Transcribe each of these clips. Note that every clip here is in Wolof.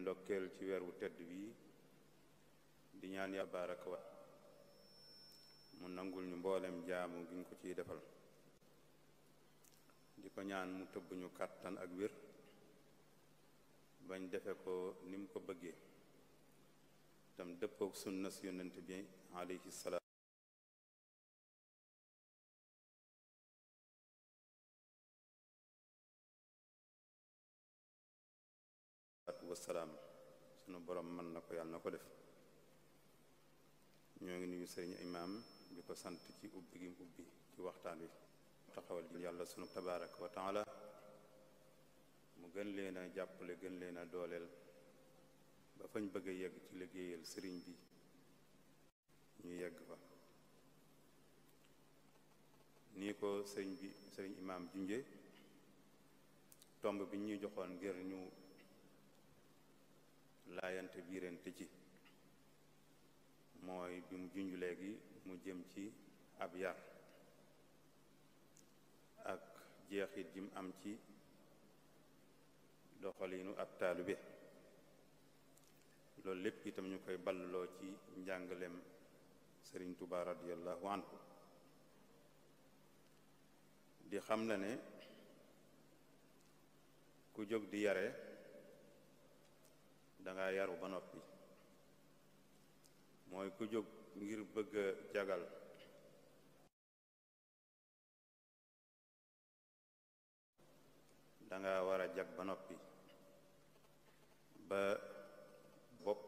leen ndokkeel ci weer wu tedd wi di ñaan yàlla mu nangul ñu mboolem jaamu gi ko ciy defal di ko ñaan mu tëbb ñu kàttan ak wér bañ defe ko ni mu ko bëggee tam dëppook sunna yonent bi alayhi salaam sunu borom mën na ko yàlla na ko def ñoo ngi nuyu sëriñ imaam di ko sant ci ubbi gi ubbi ci waxtaan wi taxawal ji yàlla sunu tabaaraka wa la mu gën leen a jàppale gën leen a dooleel ba fañ bëgg a yegg ci liggéeyal sëriñ bi ñu yegg fa nii ko sëriñ bi sëriñ imaam junje tomb bi ñuy joxoon ngir ñu laayante biirante ci mooy bi mu junj léegi mu jëm ci ab yar ak jeexit jim am ci doxaliinu ab taalibe loolu lépp itam ñu koy balloo ci njàngaleem sëriñ Tuubaa radiyallahu anhu di xam na ne ku jóg di yare danga yaru ba noppi mooy ku jóg ngir bëgg a jagal danga war a jag ba noppi ba bopp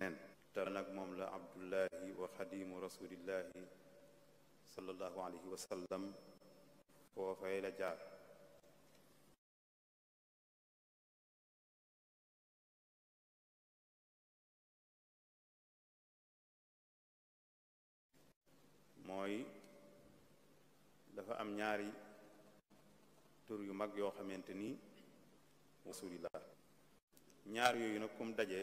nen te nag moom la abdullahi wa xadimu rasulillahi sallallahu alayhi wa sallam la jaar mooy dafa am ñaari tur yu mag yoo xamante ni rasulillah ñaar yooyu nag kum daje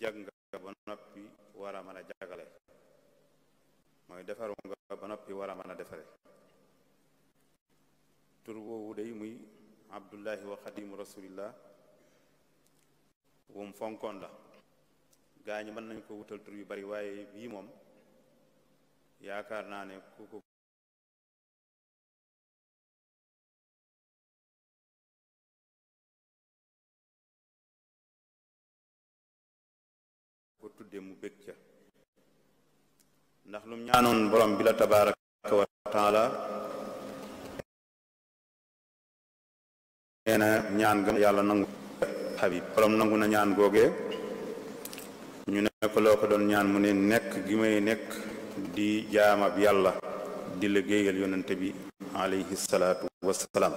jag nga ba noppi war a mën a jagale mooy defaru nga ba noppi war a mën a defare tur woowu day muy abdullahi wa xadimu rasulillah wum fonkoon la gaa ñi mën nañ ko wutal tur yu bari waaye bii moom yaakaar naa ne ku ko ko tudde mu bëgg ca ndax lum ñaanoon borom bi la tabaraka wa taala nee na ñaan gam yàlla nangu xabib borom nangu na ñaan googee ñu ne ko loo ko doon ñaan mu ne nekk gi may nekk di jaamab yàlla di liggéeyal yonente bi alayhi salaatu wasalaam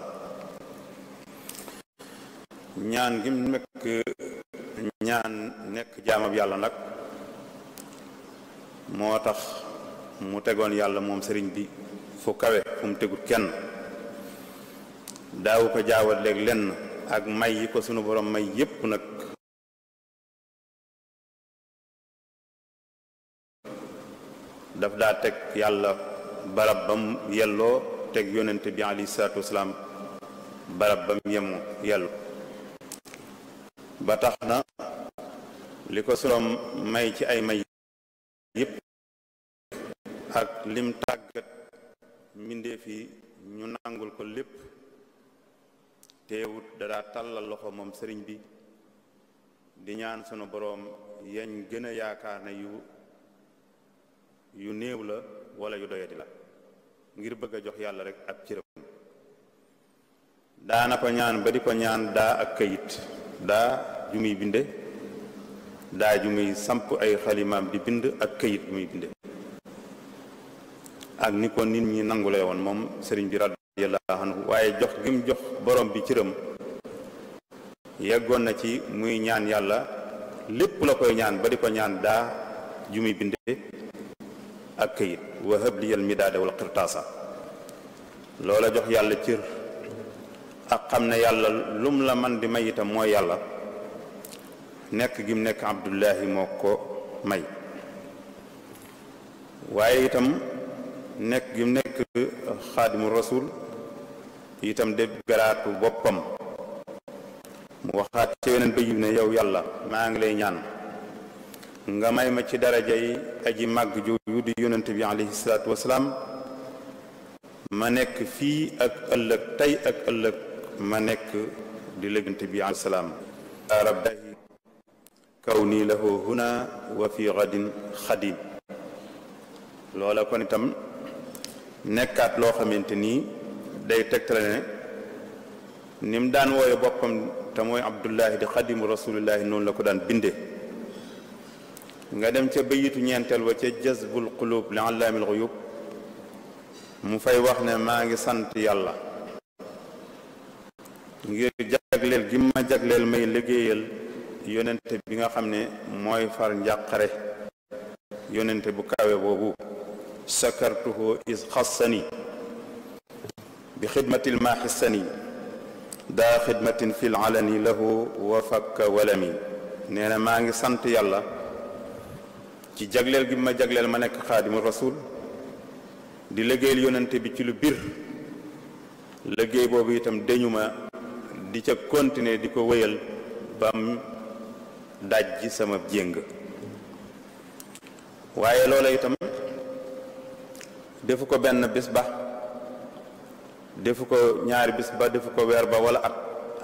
ñaan gi nekk ñaan nekk jaamab yàlla nag moo tax mu tegoon yàlla moom sëriñ bi fu kawe fu mu tegut kenn daawu ko jaawat lenn ak may yi ko sunu borom may yépp nag daf daa teg yàlla barab bam yelloo teg yonent bi alayhi salaatu wasalaam barab ba yemu yellu ba tax na li ko suroom may ci ay may yépp ak lim tàggat mbindeef yi ñu nangul ko lépp teewut dadaa tàllal loxo moom sëriñ bi di ñaan sunu boroom yañ gën yaakaar ne yu yu néew la walla yu doyadi la ngir bëgg a jox yàlla rek ab cëram daana ñaan ba di ko ñaan daa ak kayit daa ju muy binde daa ju muy samp ay xalimaam di bind ak kayit muy binde ak ni ko nit ñi nangule woon moom sëriñ bi radiyallahu anhu waaye jox gi mu jox borom bi cëram yeggoon na ci muy ñaan yàlla lépp la koy ñaan ba di ko ñaan daa ju muy binde ak këyit wa habliyal midaada wal qirtaasa loola jox yàlla cër ak xam ne yàlla lum la man di may itam mooy yàlla nekk gim nekk abdullahi moo ko may waaye itam nekk mu nekk xaadimu rasul itam de garaatu boppam mu waxaat ci weneen bayib ne yow yàlla maa ngi lay ñaan nga may ma ci daraja yi aji màgg jooju di yonent bi alayhi salaatu wasalaam ma nekk fii ak ëllëg tey ak ëllëg ma nekk di lëgant bi alayhi salaam yaa rabbahi kawni lahu huna wa fi gadin xadim loola kon itam nekkaat loo xamante nii day tegtale ne ni daan wooye boppam te mooy abdullahi di xadimu rasulillahi noonu la ko daan binde nga dem ca bayitu ñeenteel wa ca jazbul qulub li la xuyub mu fay wax ne maa ngi sant yàlla ngir jagleel gi ma jagleel may liggéeyal yonente bi nga xam ne mooy far njàqare yonente bu kawe boobu sakartuhu is xassani bi xidmatil maa xissani daa xidmatin fil alani lahu wa fakka walami nee na maa ngi sant yàlla ci jagleel gi ma jagleel ma nekk xaadimu rasul di liggéeyal yonante bi ci lu biir liggéey boobu itam dañu ma di ca continuer di ko wéyal bam dajji sama jéng waaye loola itam defu ko benn bis ba defu ko ñaari bis ba defu ko weer ba wala at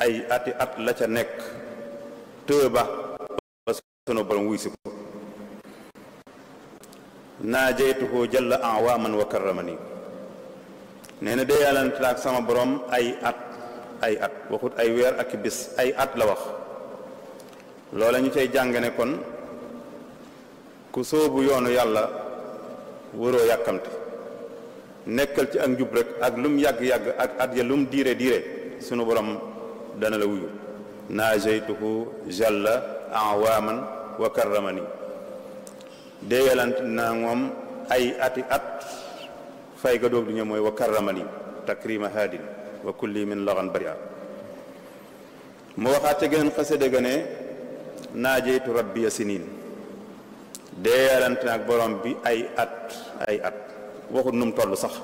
ay ati at la ca nekk tëë ba ba sunu borom wuy si ko naa naajaytuhu jalla awaaman wa karramani nee na dee yàllante ak sama borom ay at ay at waxut ay weer ak bis ay at la wax loola ñu cay jàng ne kon ku sóobu yoonu yàlla waroo yàkkamte nekkal ci ak njub rek ak lum yàgg-yàgg ak at ya lum diire diire sunu borom dana la wuyu naajaytuhu jalla awaaman wa karramani déewelante naa moom ay ati at fay ga doog du ñëw mooy wa karramani takrima haadin wa kulli min laxan bari a mu waxaat ca geneen xasida ga ne naajeytu rabbiya sinin bi ay at at waxut num toll sax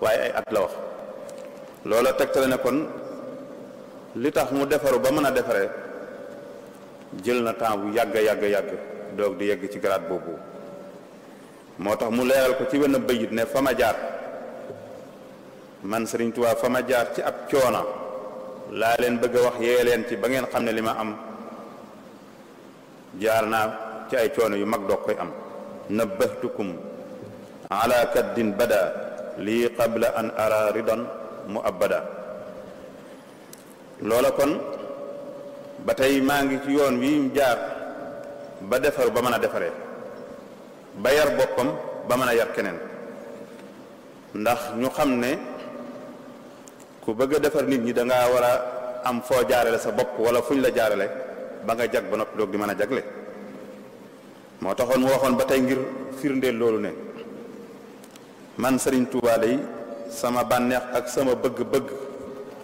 waaye ay at la wax loola tegtale ne kon li tax mu defaru ba mën a defaree jël na temps bu yàgg yàgg yàgg doog di yegg ci garaat boobu moo tax mu leeral ko ci wenn bayit ne fa ma jaar man Sëriñ Tuubaa fa ma jaar ci ab coona laa leen bëgg a wax yee leen ci ba ngeen xam ne li ma am jaar naa ci ay coono yu mag doo koy am nabbahtukum ala kaddin bada lii qabla an ara ridan mu abada loola kon ba tey maa ngi ci yoon wi jaar ba defar ba mën a defaree ba yar boppam ba mën a yar keneen ndax ñu xam ne ku bëgg a defar nit ñi da war a am foo jaarale sa bopp wala fuñ la jaarale ba nga jag ba noppi doog di mën a jagle moo taxoon mu waxoon ba tey ngir firndeel loolu ne man Serigne Touba day sama bànneex ak sama bëgg-bëgg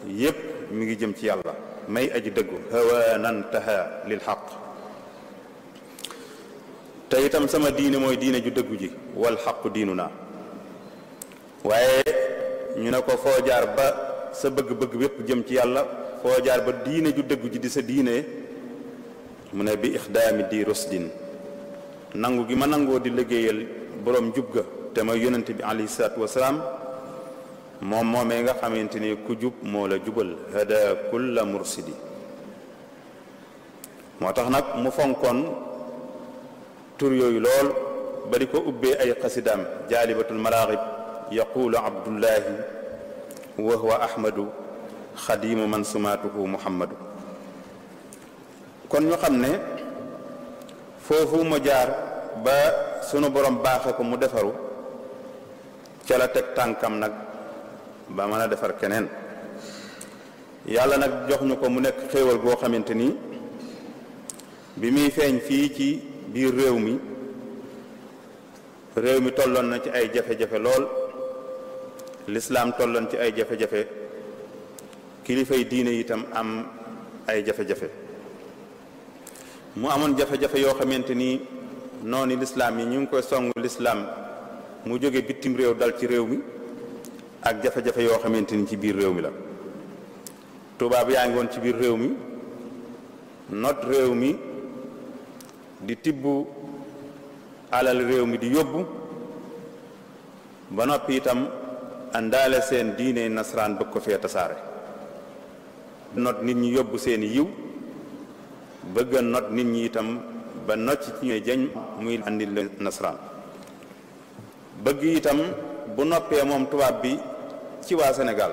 yépp mu ngi jëm ci yàlla may aji dëggu hawanan taha lil xaq te itam sama diine mooy diine ju déggu ji wal xaqu diinu naa waaye ñu ne ko foo jaar ba sa bëgg-bëgg bépp jëm ci yàlla foo jaar ba diine ju dëggu ji di sa diine mu ne bi ixdaami di rusdin nangu gi ma nangoo di liggéeyal boroom jub ga te ma yonente bi alayhi salaatu wasalaam moom moomee nga xamante ni ku jub moo la jubal hada kulla mursidi moo tax nag mu fonkoon tur yooyu lool bari di ko ubbee ay xasidaam jaalibatul maraaxib yaquulu abdullahi wa huwa ahmadu xadimu man sumaatuhu muhammadu kon ñu xam ne foofu ma jaar ba sunu borom baaxe ko mu defaru ca la teg tànkam nag ba mën a defar keneen yàlla nag jox ñu ko mu nekk xéewal goo xamante ni bi muy feeñ fii ci biir réew mi réew mi tolloon na ci ay jafe-jafe lool lislaam tolloon ci ay jafe-jafe kilifay diine itam am ay jafe-jafe mu amoon jafe yoo xamante ni noonu lislaam yi ñu ngi koy song lislaam mu jóge bitim réew dal ci réew mi ak jafe-jafe yoo xamante ni ci biir réew mi la tubaab yaa ngi woon ci biir réew mi not réew mi di tibb alal réew mi di yóbbu ba noppi itam àndaale seen diine nasaraan bëgg ko fee tasaare not nit ñi yóbbu seeni yiw bëgga not nit ñi itam ba nocc ci ñooy jañ muy andi nasaraan bëgg itam bu noppee moom tubaab bi ci waa Sénégal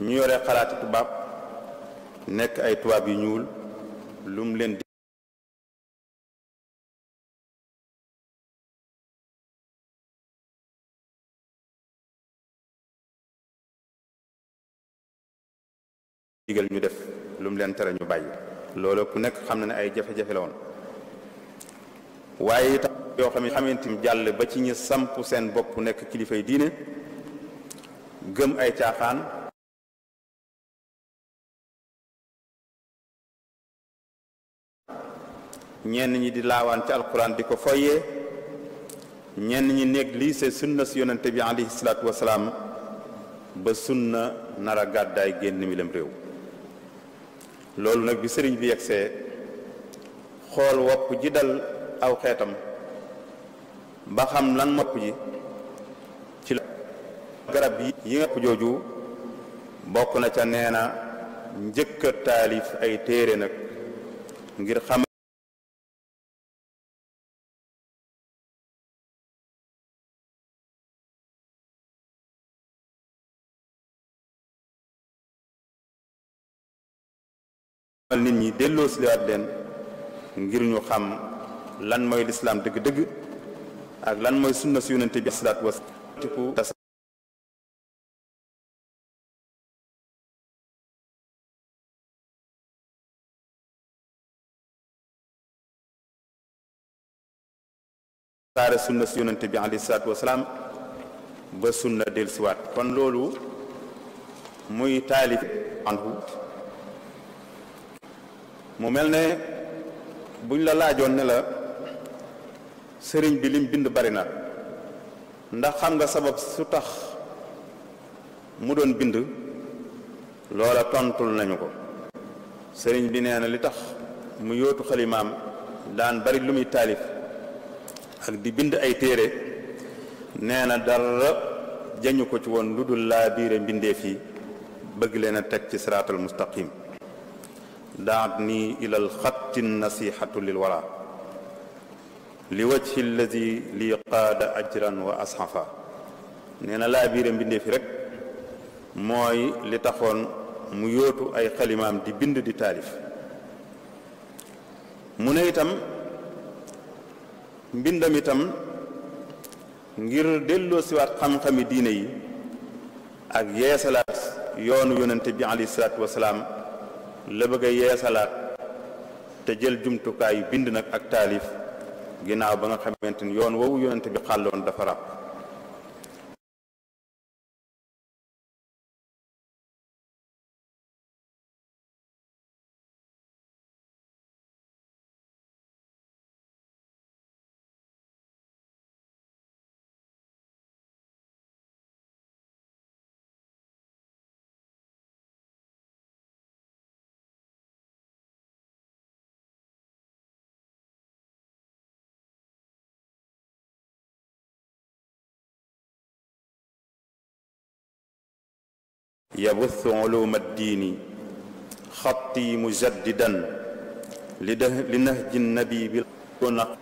ñu yore xalaati tubaab nekk ay tubaab yu ñuul lu mu leen mu leen tere ñu bàyyi loolu ku nekk xam na ne ay jafe-jafe la woon waaye itam yoo xam ne xamantim jàll ba ci ñi samp seen bopp nekk kilifay diine gëm ay caaxaan ñenn ñi di laawaan ci alquran di ko foye ñenn ñi négliger sunna si yonente bi alayhi salaatu wasalaam ba sunna nar a gàddaay génn mi lem réew loolu nag bi sëriñ bi yegsee xool wopp ji dal aw xeetam ba xam lan mopp ji ci la garab yi nga jooju bokk na ca nee na njëkk a taalif ay téere nag ngir xam nit ñi delloo si liwaat leen ngir ñu xam lan mooy lislaam dëgg-dëgg ak lan mooy sunna su yonente bi salaat wa tiku saare sunna si yonente kon loolu muy taalif anhu mu mel ne buñ la laajoon ne la sëriñ bi lim bind bari na ndax xam nga sabab su tax mu doon bind loola tontul nañu ko sëriñ bi nee na li tax mu yóotu xalimaam daan bari lu muy taalif ak di bind ay téere nee na dara jañu ko ci woon lu dul laa biire mbindeef yi bëgg leen a teg ci siraatal mustaqim daat nii ilal xatti nasihatu lil wara li wajhi alladi li qaada ajran wa asxafa nee na laa rek mooy li taxoon mu yóotu ay xalimaam di bind di taalif mu ne itam mbindam itam ngir delloo siwaat xam-xami diine yi ak yeesalaat yoonu yonente bi alayhi salaatu wasalaam la bëgg yeesalaat te jël jumtukaayu bind nag ak taalif ginnaaw ba nga xamante ni yoon woowu yonent bi xàlloon dafa ràpp يبث علوم الدين خطي مجددا لنهج النبي بالنقل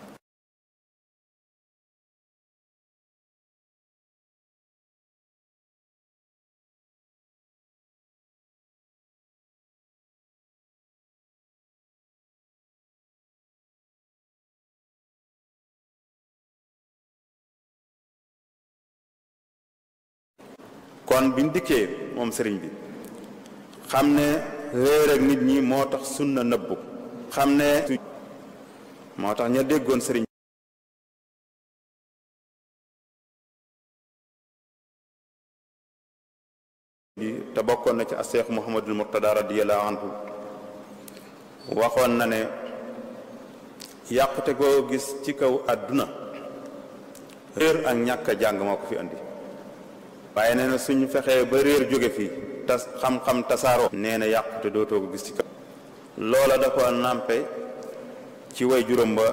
kon biñ dikkee moom sëriñ bi xam ne réer nit ñi moo tax sunna nëbbu xam ne moo tax ña déggoon sëriñ bi te bokkoon na ci aseex muhammadul murtada radiyallahu anhu waxoon na ne yàqute ko gis ci kaw àdduna réer ak ñàkk a jàng moo ko fi andi waaye nee na suñu fexee ba réer jóge fii tas xam-xam tasaaroo nee na yàqu te dootoo ko gis ci kaw loola da ko nàmpe ci way juróom ba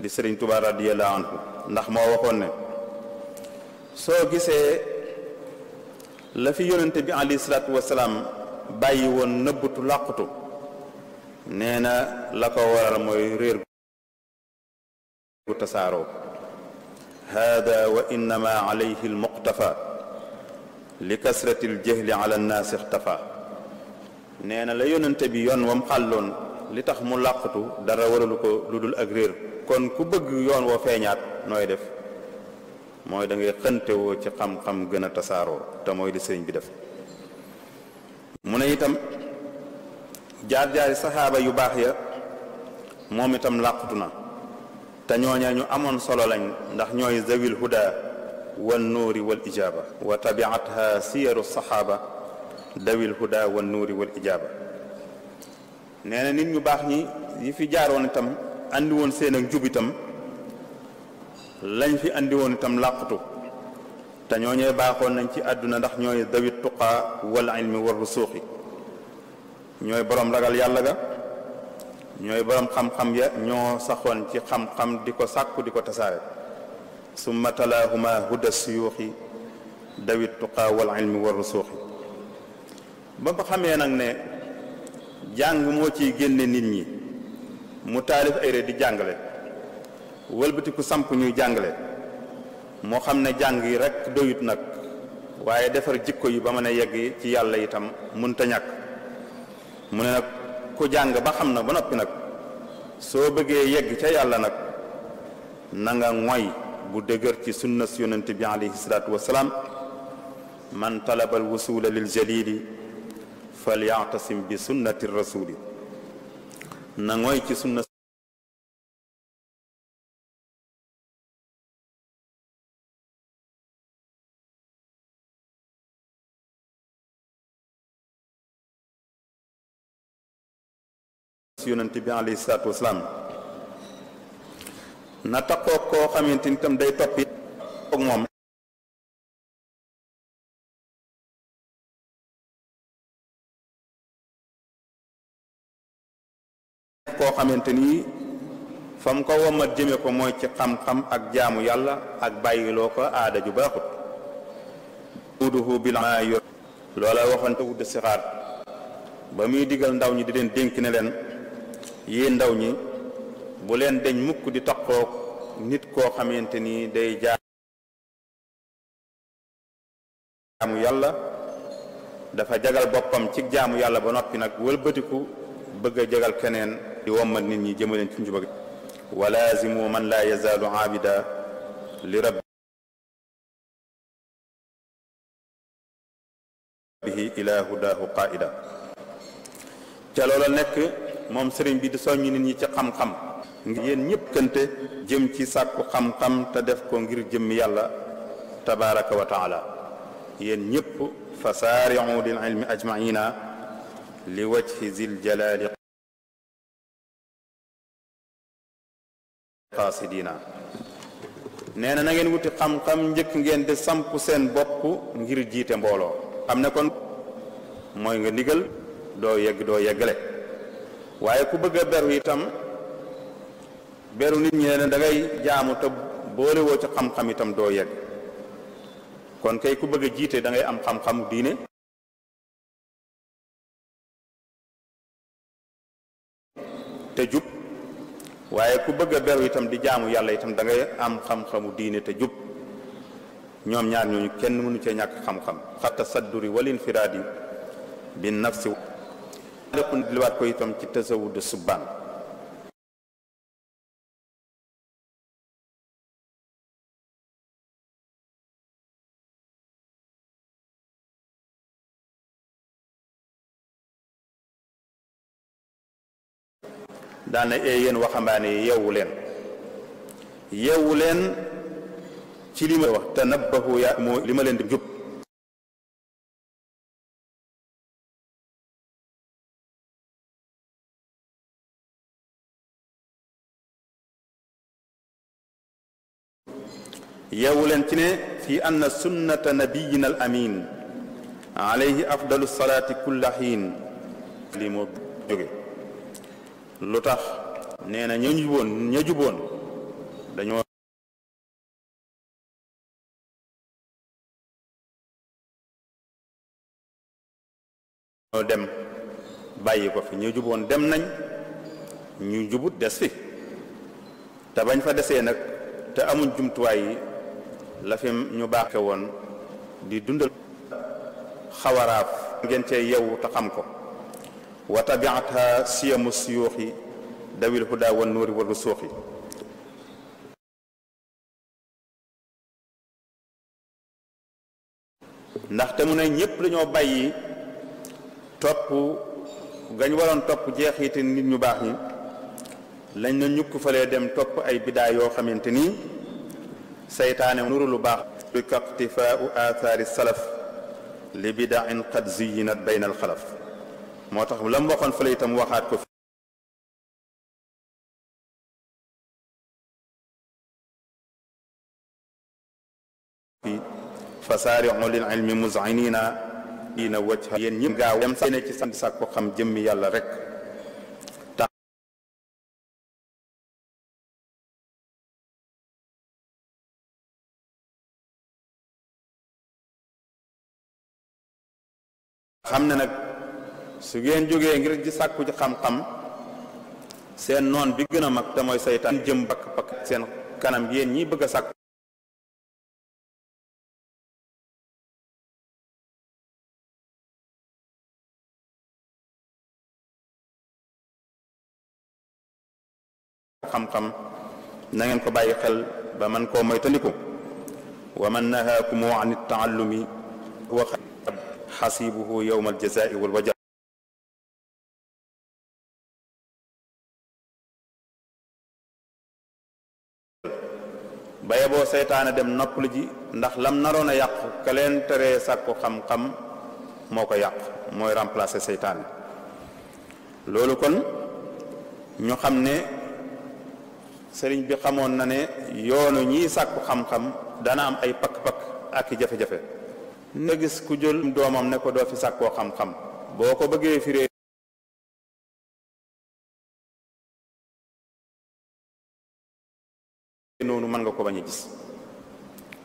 di sëriñ Tuubaa radiyallaahu anhu ndax moo waxoon ne soo gisee la fi yonente bi alayhi salaatu wasalaam bàyyi woon nëbbutu làqutu nee na la ko waral mooy réer gu tasaaroo hada wa innama alayhi li kasrati aljahli ala annaasi nee na la yonente bi yoon wam xàlloon li tax mu làqatu dara waralu ko lu dul ak kon ku bëgg yoon woo feeñaat nooy def mooy da ngay xëntewoo ci gën a tasaaroo te mooy li sëriñ bi def mu ne itam jaar-jaari saxaaba yu baax ya moom itam làqatu na te ñooña ñu amoon solo lañ ndax ñooy zawil huda wan nuuri wal ijaaba wa tabiatha siyaru saxaaba dawil huda wan nuuri wal ijaaba nit ñu baax ñi yi fi jaaroon itam andi woon seen ak jub lañ fi indi woon itam làqutu te ñooñee baaxoon nañ ci àdduna ndax ñooy dawit tuqaa wal ilmi war rusuuxi ñooy boroom ragal yàlla ga ñooy borom xam-xam ya ñoo saxoon ci xam-xam di ko sàkku di ko tasaare su talaahuma huda suyuuxi dawit tuqaa wal warul wa rusuuxi ba ko xamee nag ne jàng moo ciy génne nit ñi mu taalif ay di jàngale wëlbatiku samp ñuy jàngale moo xam ne jàng yi rek doyut nag waaye defar jikko yi ba mën a yegg ci yàlla itam mënta ñàkk mu ne nag ku jàng ba xam na ba noppi nag soo bëggee yegg ca yàlla nag na nga moy bu dëgër ci sunna si yonent bi alayhi salaatu wasalaam man talaba alwusula lil jalili falyatasim bi sunnati rasuli na ngoy ci sunna ci yonent bi alayhi takkoo koo xamante ni tam xamante ni fa mu ko womat jëme ko mooy ci xam-xam ak jaamu yàlla ak bàyyiloo ko aada ju baaxut uduhu bil loola waxante wudd sixaar ba muy digal ndaw ñi di leen dénk ne leen yi ndaw ñi bu leen deñ mukk di taqoog nit koo xamante ni day jaamu yàlla dafa jagal boppam ci jaamu yàlla ba noppi nag wëlbatiku bëgg a jagal keneen di wommat nit ñi jëmaleen ci njuba bëgg walaazimu man laa yazaalu aabida li rabbihi ilaa hudaahu qaa'ida ca loola nekk moom sëriñ bi di soññ nit ñi ci xam-xam ngir yéen jëm ci sàkku xam-xam te def ko ngir jëm yàlla tabaraka wa taala yéen ñëpp fa saariu lil ilmi ajmaina li wajhi zil jalali qaasidina nee na na ngeen wuti xam-xam njëkk ngeen di samp seen bopp ngir jiite mbooloo am na kon mooy nga ndigal doo yegg doo yeggale waaye ku bëgg a beru itam beru nit ñi ne da dangay jaamu te boolewoo woo ci xam-xam itam doo yegg kon kay ku bëgg a jiite dangay am xam-xamu diine te jub waaye ku bëgg a beru itam di jaamu yàlla itam da ngay am xam diine te jub ñoom ñaar ñooñu kenn mënu cee ñàkk xam-xam xatta sadduri wal yi bin nafsi lépp diliwaat ko itam ci tasawudu subbaan daana ee eh, waxambaane yi yeewu ci lima ma wax yaa moo li di jub yeewu leen ci ne fi ann sunnata nabiyina al amin alayhi afdalu salaati kulla xiin lii moo jóge lu tax nee na ña juboon ña juboon dañoo dem bàyyi ko fi ña juboon dem nañ ñu jubut des fi te bañ fa desee nag te amuñ jumtuwaay yi la fi ñu baaxe woon di dundal xawaraaf ngeen cee yeewu te xam ko wa tabiatha siyamu suyuuxi dawil huda wan nuuri wa rusuuxi ndaxte mu ne ñépp dañoo bàyyi topp gañ waroon topp jeexiti nit ñu baax ni lañ na ñukk falee dem topp ay bidaa yoo xamante nii seytaane nuru lu baax bi kaqtifaau aathaari salaf li bidain qad ziyinat bayna alxalaf moo tax lam waxoon fële itam waxaat ko fi fasaariu lil ilmi muziniina diina wajha yéen ñi gaaw dem sa ne ci sant sàkku xam jëmmi yàlla rek xam ne nag su ngeen jógee ngir ci sàkku ci xam-xam seen noon bi gën a mag te mooy saytaan jëm bakk bakk seen kanam yéen ñi bëgg a sàkku xam-xam na ngeen ko bàyyi xel ba man koo moytandiku wa man nahaakumu an ittaallumi wa xasibuhu yowma aljazai walwaja ba yeboo seytaane dem noppalu ji ndax lam naroon a yàqu ka leen sàkku xam-xam moo ko yàq mooy remplacer seytaane loolu kon ñu xam ne sëriñ bi xamoon na ne yoonu ñii sàkku xam-xam dana am ay pakk-pakk ak i jafe-jafe nga gis ku jël doomam ne ko doo fi sàkkoo xam-xam boo ko bëggee firee noonu mën nga ko bañ a gis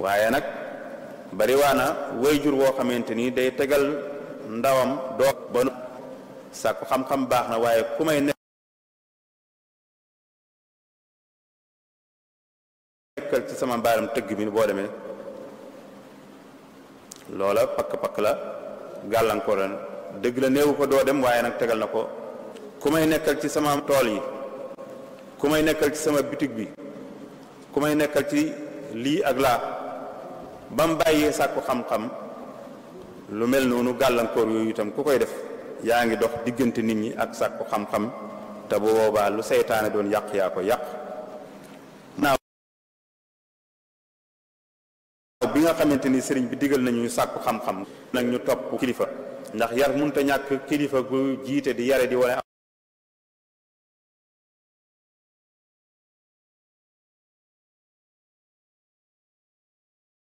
waaye nag bariwaana wayjur woo xamante ni day tegal ndawam doo ba nu sàkku xam-xam baax na waaye ku may nekkal ci sama mbaaram tëgg mi boo demee loola pakk-pakk la gàllankoor la dëgg la néewu ko doo dem waaye nag tegal na ko ku may nekkal ci sama tool yi ku may nekkal ci sama bitig bi ku may nekkal ci lii ak laa ba mu bàyyee sàkku xam-xam lu mel noonu gàllankoor yooyu itam ku koy def yaa ngi dox diggante nit ñi ak sàkku xam-xam te bu boobaa lu seytaane doon yàq yaa ko yàq bi nga xamante ni sëriñ bi digal nañu ñu sàkku xam-xam nag ñu topp kilifa ndax yar munta ñàkk kilifa gu jiite di yare di wane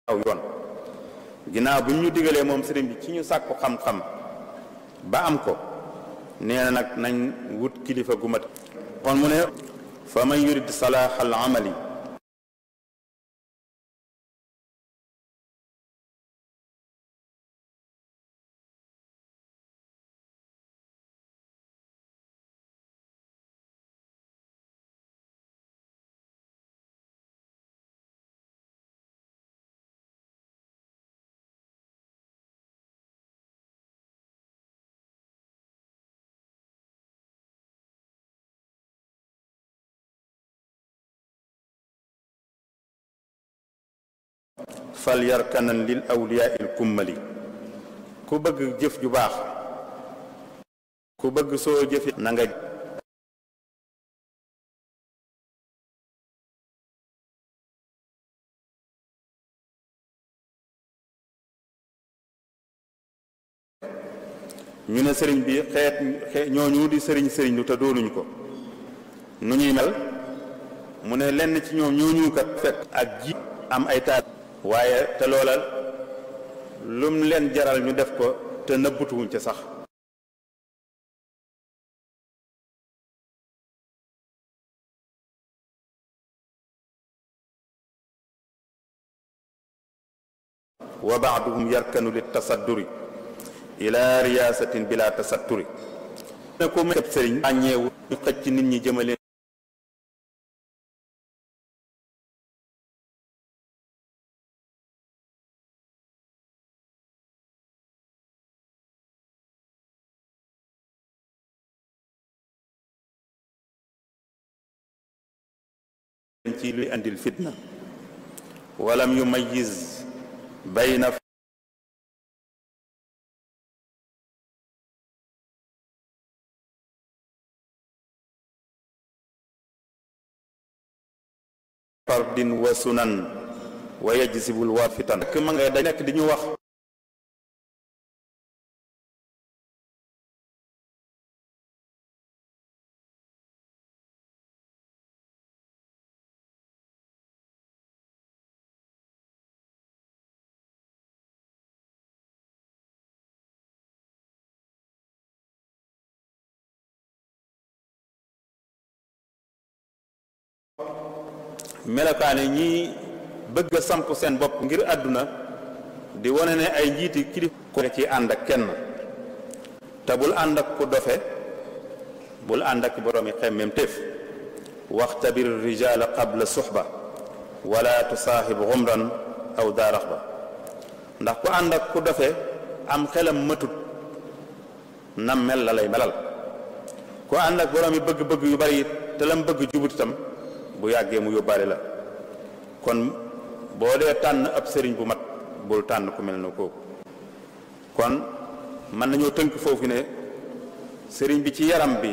aw yoon ginnaaw bi ñu digalee moom sëriñ bi ci ñu sàkku xam-xam ba am ko nee nag nañ wut kilifa gu mat kon mu ne fa man yurid salaaxal amali fal yarkanan lil awliyaa il kummali ku ju baax ku bëgg soo jëfe na ñu ne sëriñ bi xeet ñuu di sëriñ sëriñ lu te doonuñ ko nu ñuy mel mu ne lenn ci ñoom ñooñu kat fekk ak ji am ay taal waaye te loola lum leen jaral ñu def ko te nëbbutuwuñ ca sax wa baaduhum yarkanu li tasadduri ila riyaasatin bila tasatturi ne ko sëriñ ràññeewu ñu xëcc nit ñi jëmale ci luy andil fitna walam yumayyiz bayna fardin wa sunan wa yajsibul waafitan ma nga day nekk di ñu wax melokaane ñi bëgg a samp seen bopp ngir àdduna di wane ne ay njiiti kilif ko ci ànd ak kenn te bul ànd ak ku dofe bul ànd ak boroomi xemmem téef waxtabir rijaala qabla suxba wala tusaaxib xumran aw daarax ba ndax ku ànd ak ku dofe am xelam matut nam mel la lay melal ku ànd ak boroomi bëgg-bëgg yu bari te lam bëgg jubut itam bu yàggee mu yóbbaale la kon boo dee tànn ab sëriñ bu mat bul tànn ku mel na kooku kon mën nañoo tënk foofu ne sëriñ bi ci yaram bi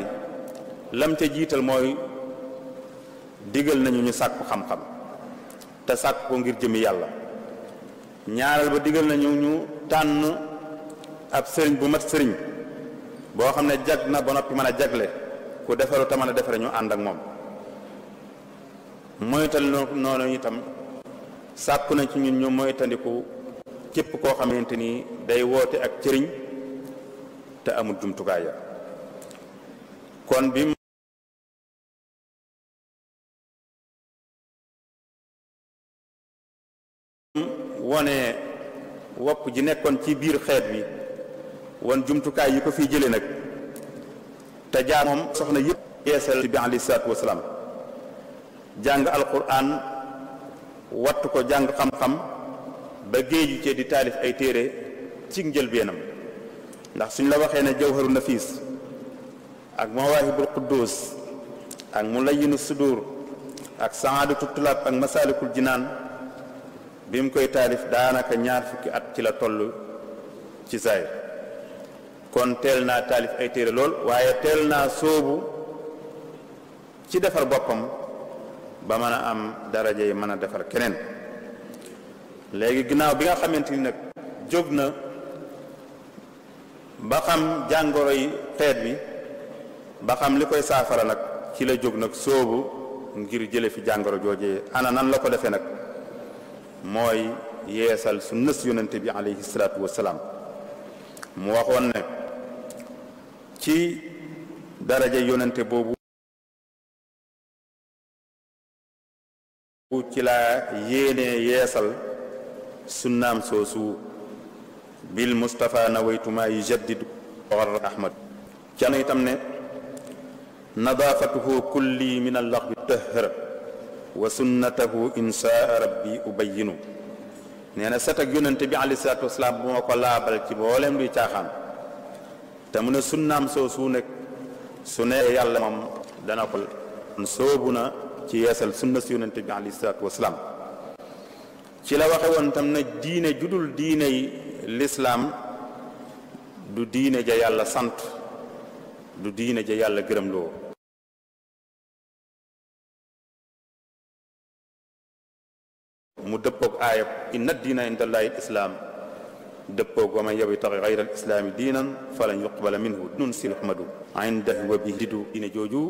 lam ca jiital mooy digal nañu ñu sàkku xam-xam te sàkku ko ngir jëmi yàlla ñaareel ba digal nañu ñu tànn ab sëriñ bu mat sëriñ boo xam ne jag na ba noppi mën a jagle ku defaru te mën a defare ñu ànd ak moom moytal noonu itam sàkku na ci ñun ñu moytandiku képp koo xamante ni day woote ak cëriñ te amul jumtukaay kon bi wone wopp ji nekkoon ci biir xeet bi wan jumtukaay yi ko fi jële nag te jaar moom soxna yëpp yeesal bi alayhi salaatu wasalaam jàng alquran wattu ko jàng xam-xam ba géeju cee di taalif ay téere ci njëlbeenam ndax suñ la waxee ne jawharu nafis ak mawaahibul quddus ak mulayinu sudur ak saadatu tulaab ak masaalikul jinaan bi mu koy taalif daanaka ñaar fukki at ci la toll ci saay kon teel naa taalif ay téere lool waaye teel naa sóobu ci defar boppam ba mën a am daraja yi mën a defar keneen léegi ginnaaw bi nga xamante ni nag jóg na ba xam jàngoro yi xeet bi ba xam li koy saafara nag ci la jóg nag sóobu ngir jële fi jàngoro jooje ana nan la ko defee nag mooy yeesal su nës yonente bi alayhi salaatu wasalaam mu waxoon ne ci daraja yonente boobu ci laa yéenee yeesal sunnaam soosu bil mustapha nawaytuma yujaddidu xor ahmad cano itam ne nadaafatuhu kulli min al laxwi tahara wa sunnatahu insaa rabbi ubayinu nee na set ak yonente bi alei salatu wasalaam bu ma ko laabal ci mboolem luy caaxaan te mu ne sunnaam soosu nag su nee yàlla moom dana ko soobu na ci yeesal sunna si yonente bi alayhi salaatu wasalaam ci la waxe woon tam na diine judul diine yi lislaam du diine ja yàlla sant du diine ja yàlla gërëm loo mu dëppoog aayab inna diina indallahi islaam dëppoog wa man yabtaxi gayra al islaami diinan falan yuqbala minhu nun si yuhmadu indahu wa bihi diine jooju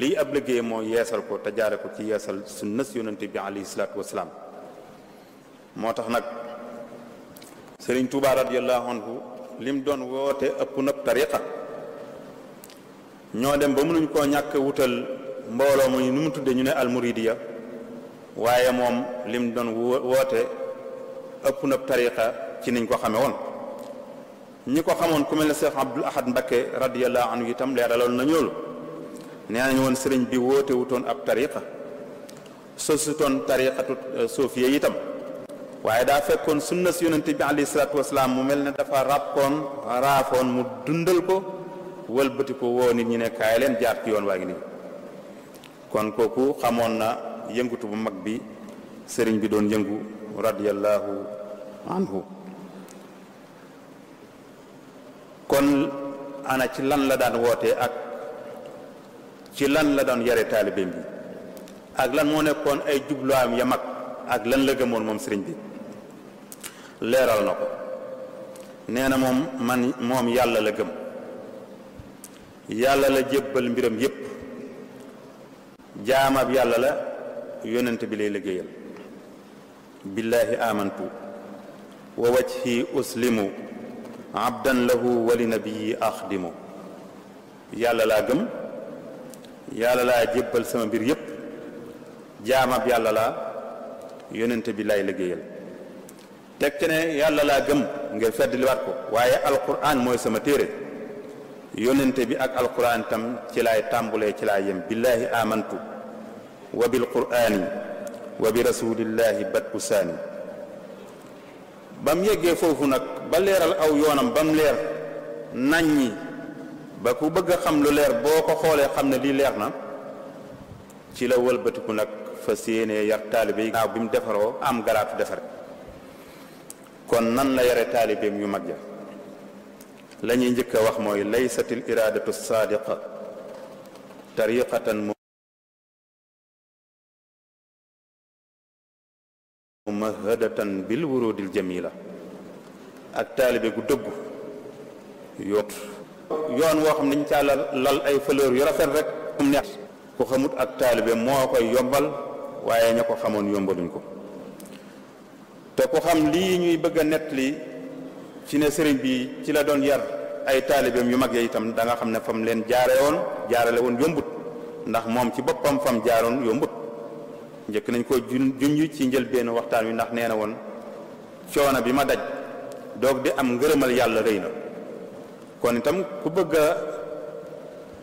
lii ab liggéey moo yeesal ko te jaare ko ci yeesal sunnas yonente bi alayhi salaatu salaam moo tax nag sëriñ Tuubaa radiyallahu anhu lim doon woote ëpp na tariqa ñoo dem ba mënuñ koo ñàkk wutal mbooloo muy nu mu tuddee ñu ne almuridiya waaye moom lim doon woote ëpp na tariqa ci niñ ko xame woon ñi ko xamoon ku mel ne Cheikh Abdul Ahad Mbakke radiyallahu anhu itam leeraloon na ñoolu nee nañ woon sëriñ bi woote wutoon ab tariqa sosutoon tariqatu euh, suufiya itam waaye daa fekkoon sunna si yonent bi alayhi salaatu wasalaam mu mel ne dafa ràppoon raafoon mu dundal ko wëlbati ko woo nit ñi ne kaay leen jaar ci yoon waa ngi nii kon kooku xamoon na yëngutu bu mag bi sëriñ bi doon yëngu radiyallahu anhu kon ana ci lan la daan woote ak ci lan la doon yare taalibeem bi ak lan moo nekkoon ay jubluwaayam ya mag ak lan la gëmoon moom sëriñ bi leeral na ko nee na moom man moom yàlla la gëm yàlla la jébbal mbiram yépp jaamab yàlla la yonent bi lay liggéeyal billaahi amantu wa wajhi uslimu abdan lahu nabiyi axdimu yàlla laa gëm yàlla laa jébbal sama mbir yépp jaamab yàlla laa yonent bi lay liggéeyal teg ci ne yàlla laa gëm ngir fedd liwaat ko waaye alquran mooy sama téere yonent bi ak alquran tam ci laay tàmbulee ci laay yem billaahi amantu wa bil qurani wa bi rasulillahi bat usaani ba mu yeggee foofu nag ba leeral aw yoonam ba mu leer naññi ba ku bëgg a xam lu leer boo ko xoolee xam ne lii leer na ci la wëlbatiku nag fa yéenee yar taalibe yi naaw bi mu defaroo am garaatu defare kon nan la yare taalibeem yu mag ja la ñuy njëkk a wax mooy laysatil iradatu saadiqa tariqatan mumahadatan bil wurudil jamila ak taalibe gu dëggu yoot yoon woo xam ne dañ caa lal ay fleur yu rafet rek mu neex ku xamut ak taalibe moo koy yombal waaye ña ko xamoon yombaluñ ko te ku xam lii ñuy bëgg a nettali ci ne sëriñ bi ci la doon yar ay taalibeem yu mag ya itam da xam ne fam leen jaare woon jaarale woon yombut ndax moom ci boppam fam jaaroon yombut njëkk nañ ko junj ci njëlbéenu waxtaan wi ndax nee na woon coono bi ma daj doog di am ngërëmal yàlla rëy na kon itam ku bëgg a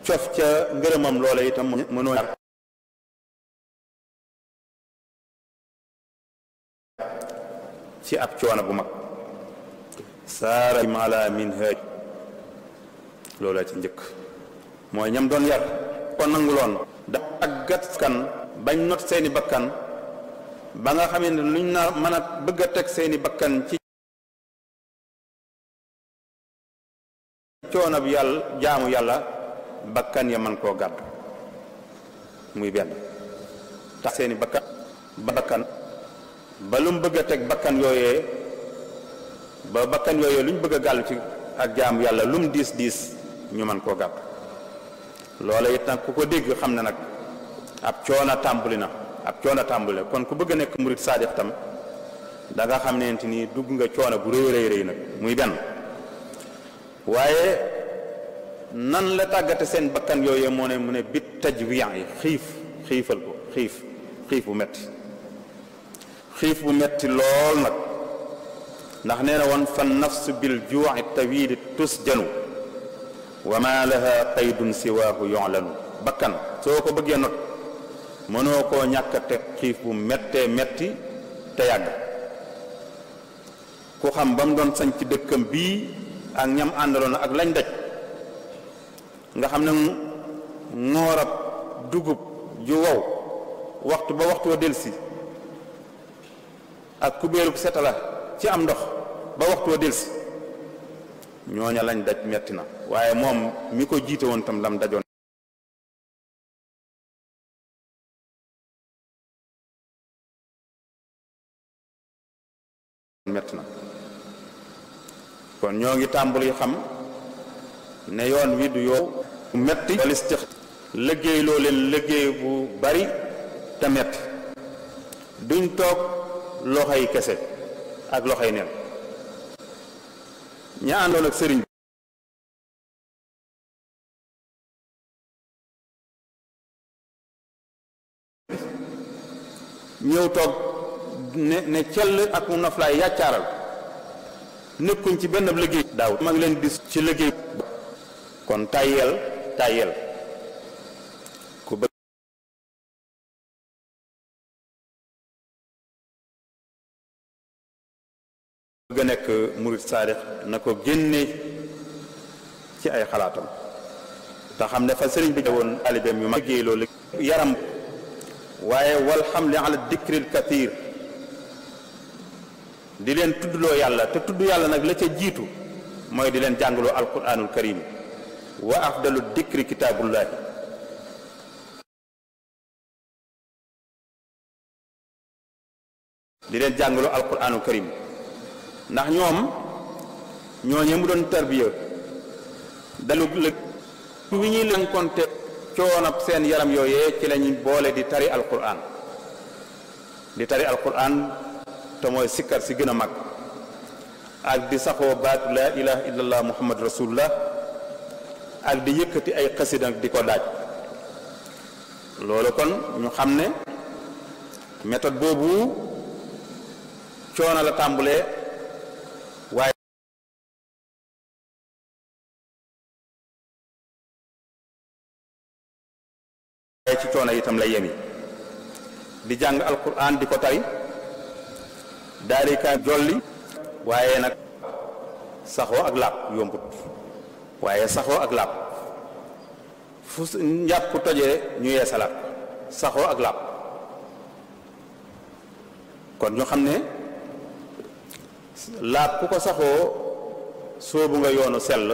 cof ca ngërëmam loola itam mënoo ñàkk ci ab coono bu mag saara mala min hëj loola ci njëkk mooy ñam doon yar ko nanguloon da aggat kan bañ not seeni bakkan ba nga xamante ne luñ na mën a bëgg teg seeni bakkan ci coonab yàlla jaamu yàlla bakkan ya man koo gàddu muy benn tax seeni bakkan ba bakkan ba lu mu bëgg a teg bakkan yooyee ba bakkan yooyee lu ñu bëgg a gàll ci ak jaamu yàlla lu mu diis diis ñu man koo gàddu loola it nag ku ko dégg xam na nag ab coono tàmbali na ab coono tàmbali na kon ku bëgg a nekk murit saadix tam da nga xam ne ni dugg nga coono bu rëy rëy rëy nag muy benn waaye nan la tàggate seen bakkan yooyee moo ne mu ne bit taj wiyan yi xiif xiifal ko xiif xiif bu metti xiif bu metti lool nag ndax nee na woon fa nafs bil juuci tawili tusjanu wa ma laha qaydun siwaahu yolanu bakkan soo ko bëggee not mënoo ko ñàkk xiif bu mettee metti te yàgg ku xam ba mu doon sañ ci dëkkam bii ak ñam àndaloon ak lañ daj nga xam ne ngoorab dugub ju wow waxtu ba waxtu wa delsi ak kubéeruk setala ci am ndox ba waxtu wa delsi ñooña lañ daj metti na waaye moom mi ko jiite woon tam lam dajoon metti na ñoo ngi tàmbali xam ne yoon wi du yow metti walistix liggéey loo liggéey bu bari te metti duñ toog loxoy kese ak loxoy nen ña àndoon ak sëriñ ñëw toog ne ne cell ak mu noflaay yàccaaral nekkuñ ci benn liggéey daaw mag leen di ci liggéey kon tayel tayel ku bëgg bëgg nekk murit saadix na ko génne ci ay xalaatam te xam ne fa sëriñ bi jawoon taalibeem yu mag liggéey loolu yaram waaye wal xam li ala dikril kathir di leen tuddloo yàlla te tudd yàlla nag la ca jiitu mooy di leen jàngaloo alquranul karim wa afdalu dikri kitaabullahi di leen jàngalu alquraanu karim ndax ñoom ñooñee mu doon tarbiya dalu lëg wi ñuy lënkonte coonab seen yaram yooyee ci lañuy boole di tari alquraan di tari alquraan te mooy sikkar si gën a mag ak di saxoo baatu laa ilaha illallah muhammad rasulullah ak di yëkkati ay xasida di ko daaj loolu kon ñu xam ne méthode boobu coono la tàmbulee waaye ci coono itam lay yemi di jàng alquran di ko tari daari kaa waaye nag saxoo ak laab yombut waaye saxoo ak laab fu njàpp tojee ñu yeesalaat saxoo ak laab kon ñu xam ne laab ku ko saxoo soobu nga yoonu sell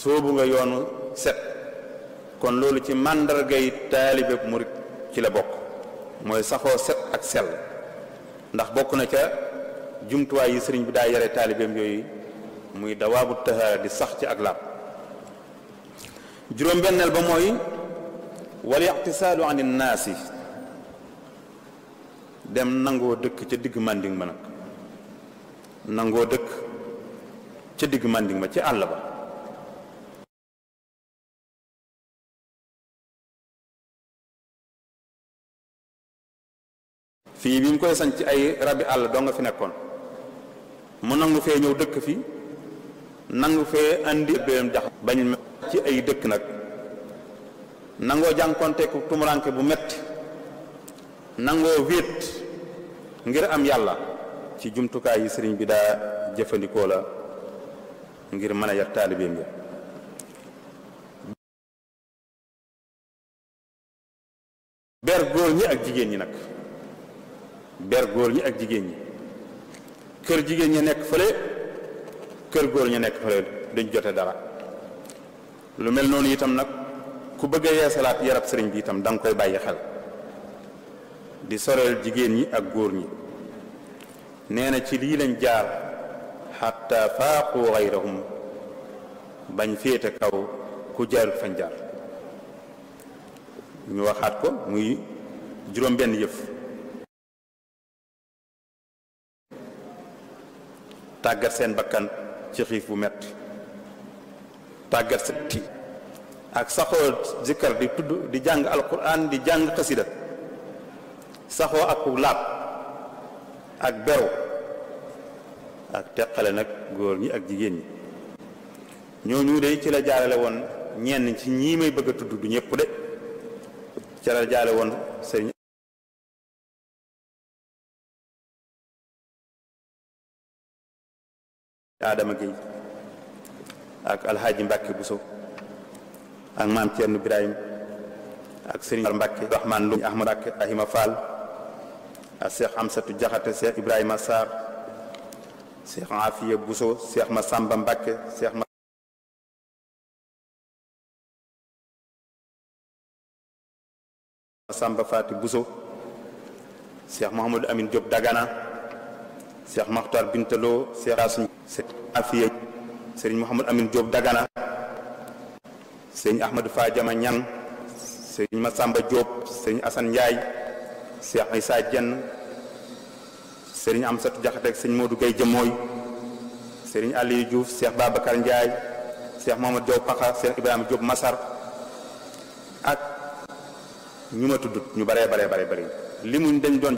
soobu nga yoonu set kon loolu ci màndargay taalibe murit ci la bokk mooy saxoo set ak sell ndax bokk na ca jumtuwaay yi sëriñ bi daa yare taalibeem yooyu muy dawaabu tahaara di sax ci ak làpp juróom-benneel ba mooy wal iqtisaalu an naasi dem nangoo dëkk ca digg mànding ma nag nangoo dëkk ca diggu mànding ma ci àll ba fii bi ñu koy ci ay rabi àll doo nga fi nekkoon mu nangu fee ñëw dëkk fi nangu fee andi béyam jax bañ ci ay dëkk nag nangoo jànkonteeku tumuranke bu metti nangoo wéet ngir am yàlla ci jumtukaay yi sëriñ bi daa jëfandikoo la ngir mën a yar taalibeem yi ber góor ñi ak jigéen ñi nag ber góor ñi ak jigéen ñi kër jigéen ñi nekk fële kër góor ñi nekk fële duñ jote dara lu mel noonu itam nag ku bëgg a yeesalaat yarab sëriñ bi itam da koy bàyyi xel di soreel jigéen ñi ak góor ñi nee na ci lii lañ jaar xatta faaqu xayrahum bañ féete kaw ku jaarut fañ jaar ñu waxaat ko muy juróom benn yëf tàggat seen bakkan ci xiif bu metti tàggat setti ak saxoo zikkar di tudd di jàng alquran di jàng xasida saxoo ak laab ak beru ak teqale nag góor ñi ak jigéen ñi ñooñu de ci la jaarale woon ñenn ci ñii may bëgga a tudd du ñëpp de ci la jaarale woon sëriñ Adama Gueye ak Alxaaji Mbàkke Buso ak maam Ceerno Birahim ak Sëriñ Mbàkke Rahmaan Lu Ahmad Mbàkke Ahima Fall ak Cheikh Amsatu Jaxate Cheikh Ibrahima Sarr Cheikh Afiya Buso Cheikh Masamba Mbàkke Cheikh ma Samba Faati Buso Cheikh Mouhamadou Amin Diop Dagana Cheikh Makhtar Bintaloo Cheikh Assou Cheikh Afiya Serigne Mouhamad Amin Diop Dagana Serigne Ahmadou Fa Jama Ñan Serigne Massamba Diop Serigne Assane Ndiaye Cheikh Issa Dieng Serigne Amsatou Diakhaté ak Serigne Modou Gueye Jëmmooy àll Aliou Diouf seex Babacar Ndiaye Cheikh Mohamad Diop Paxa Cheikh Ibrahima Diop Massar ak ñu ma tudd ñu baree baree bare bëri li muñ dañ doon